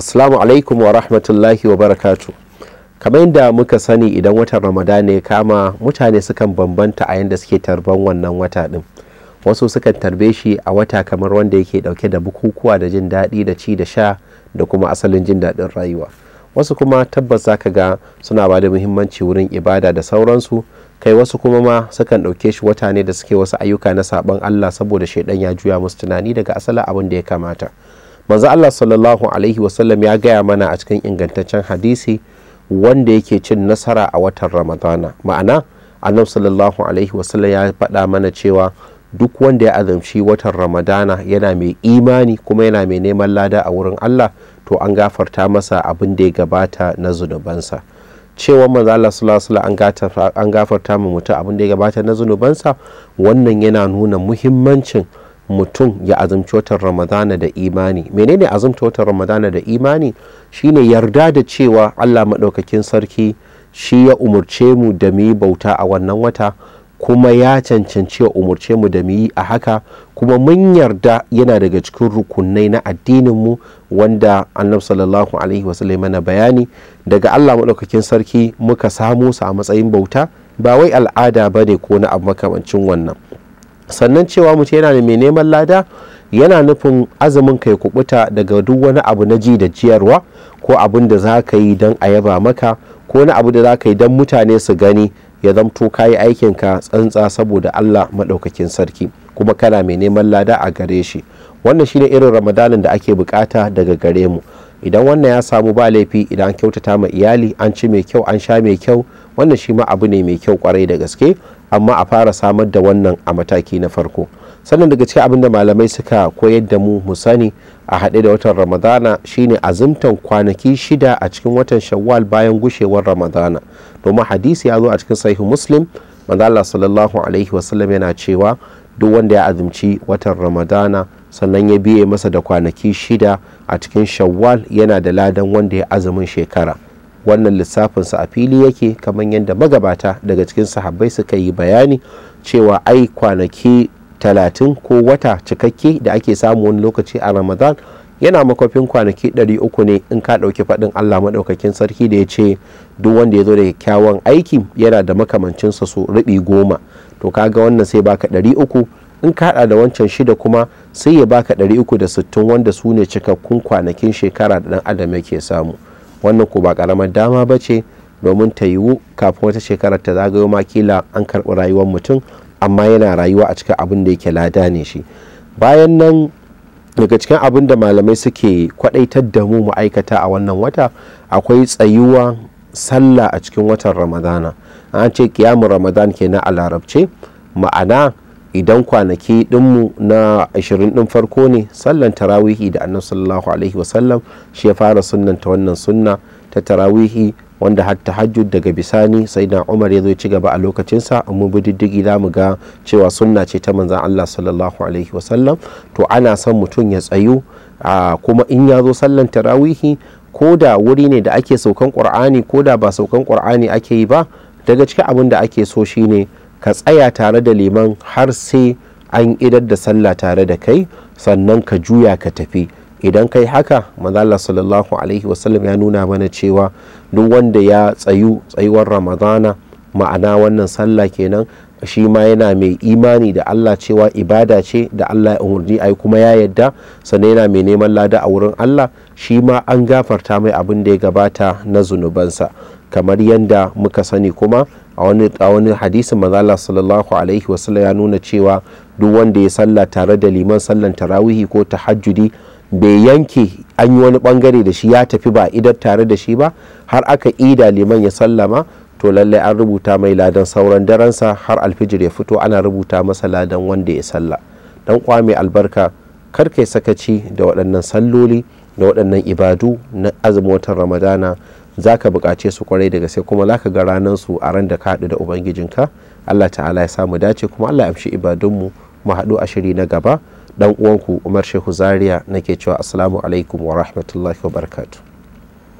Assalamu alaikum wa rahmatullahi wa barakatu. Kamar yadda muka sani idan watan Ramadana ya kama mutane sukan bambanta a yadda suke tarban wannan wata din. Wasu sukan tarbe shi a wata kamar wanda yake dauke da bukukuwa da jin daɗi da ci da sha da kuma asalin jin daɗin rayuwa. Wasu kuma tabbas za ka ga suna ba da muhimmanci wurin ibada da sauransu kai wasu kuma ma sukan ɗauke shi wata ne da suke wasu ayyuka na sabon Allah saboda shaidan ya juya musu tunani daga asalin abin da ya kamata. manzo Allah sallallahu alaihi wasallam ya gaya mana a cikin ingantaccen hadisi wanda yake cin nasara a watan ramadana ma'ana annab sallallahu alaihi wasallam ya faɗa mana cewa duk wanda ya azamci watan ramadana yana mai imani kuma yana mai neman lada a wurin Allah to an gafarta masa abin da ya gabata na zunubansa cewa manzo Allah sallallahu alaihi an gafarta mu mutum abin da ya gabata na zunubansa wannan yana nuna muhimmancin mutum ya azumci watan ramadana da imani menene azumta watan ramadana da imani shine yarda da cewa allah maɗaukakin sarki shi ya umurce mu da mu yi bauta a wannan wata kuma ya cancanci ya umurce mu da mu yi a haka kuma mun yarda yana daga cikin rukunai na addininmu wanda annabi sallallahu alaihi wasallam mana bayani daga allah maɗaukakin sarki muka samo sa a matsayin bauta ba wai al'ada ba ne ko na abu makamancin wannan sannan cewa mutum yana da mai neman lada yana nufin azumin kai kubuta daga duk wani abu na ji da jiyarwa ko abin da za ka yi don a yaba maka ko wani abu da za ka yi don mutane su gani ya zamto ka yi aikinka tsantsa saboda allah maɗaukakin sarki kuma kana mai neman lada a gare shi wannan shine irin ramadanin da ake bukata daga gare mu idan wannan ya samu ba laifi idan an kyautata ma iyali an ci mai kyau an sha mai kyau wannan shi ma abu ne mai kyau kwarai da gaske amma a fara samar da wannan a mataki na farko sannan daga cikin abin da malamai suka koyar da mu mu sani a haɗe da watan ramadana shine azumtan kwanaki shida a cikin watan shawwal bayan gushewar ramadana domin hadisi ya zo a cikin sahihu muslim manzo Allah sallallahu alaihi wasallam yana cewa duk wanda ya azumci watan ramadana sannan ya biye masa da kwanaki shida a cikin shawwal yana da ladan wanda ya azumin shekara wannan lissafinsa a fili yake kamar yadda magabata daga cikin sahabbai suka yi bayani cewa ai kwanaki talatin ko wata cikakke da ake samu wani lokaci a ramadan yana makwafin kwanaki 300 ne in ka ɗauki faɗin allah maɗaukakin sarki da ya ce duk wanda ya zo da kyakkyawan aiki yana da makamancinsa su riɓi goma to kaga wannan sai baka 300 in ka hada da wancan shida kuma sai ya baka 360 wanda su ne cikakkun kwanakin shekara da dan adam yake samu wannan ko ba karamar dama ba ce domin ta yiwu kafin wata shekarar ta zagayo ma kila an karɓi rayuwar mutum amma yana rayuwa a cikin abin da yake lada ne shi bayan nan daga cikin abin da malamai suke kwadaitar da mu ma'aikata a wannan wata akwai tsayuwa sallah a cikin watan ramadana an ce kiyamun ramadan kenan a larabce ma'ana idan kwanaki dinmu na ashirin din farko ne sallan tarawihi da annabi sallallahu alaihi wasallam shi ya fara sunnanta wannan sunna ta tarawihi wanda har tahajjud daga bisani sai da umar ya zo ci gaba a lokacinsa amma bididdigi za mu ga cewa sunna ce ta manzan allah sallallahu alaihi wasallam to ana son mutum ya tsayu kuma in ya zo sallan tarawihi ko da wuri ne da ake saukan qur'ani ko da ba saukan qur'ani ake yi ba daga cikin abin da ake so shine ka tsaya tare da liman har sai an idar da sallah tare da kai sannan ka juya ka tafi idan kai haka mazala sallallahu alaihi wasallam ya nuna mana cewa duk wanda ya tsayu tsayuwar ramadana ma'ana wannan sallah kenan shi ma yana mai imani da Allah cewa ibada ce da Allah ya umarni ai kuma ya yadda sannan yana mai neman lada a wurin Allah shi ma an gafarta mai abin da ya gabata na zunubansa kamar yadda muka sani kuma a wani hadisin mazala sallallahu alaihi wasallam ya nuna cewa duk wanda ya salla tare da liman sallan tarawihi ko tahajjudi bai yanke an yi wani bangare da shi ya tafi ba idan tare da shi ba har aka ida liman ya sallama to lallai an rubuta mai ladan sauran daransa har alfijir ya fito ana rubuta masa ladan wanda ya salla dan kwame albarka kar kai sakaci da waɗannan salloli da waɗannan ibadu na azumin watan ramadana za ka buƙace su kwarai daga sai kuma za ka ga ranar su a ran da ka haɗu da ubangijinka allah ta'ala ya samu dace kuma allah ya amshi ibadunmu mu haɗu a shiri na gaba dan uwanku umar shehu zaria nake cewa asalamu alaikum wa rahmatullahi wa barkatu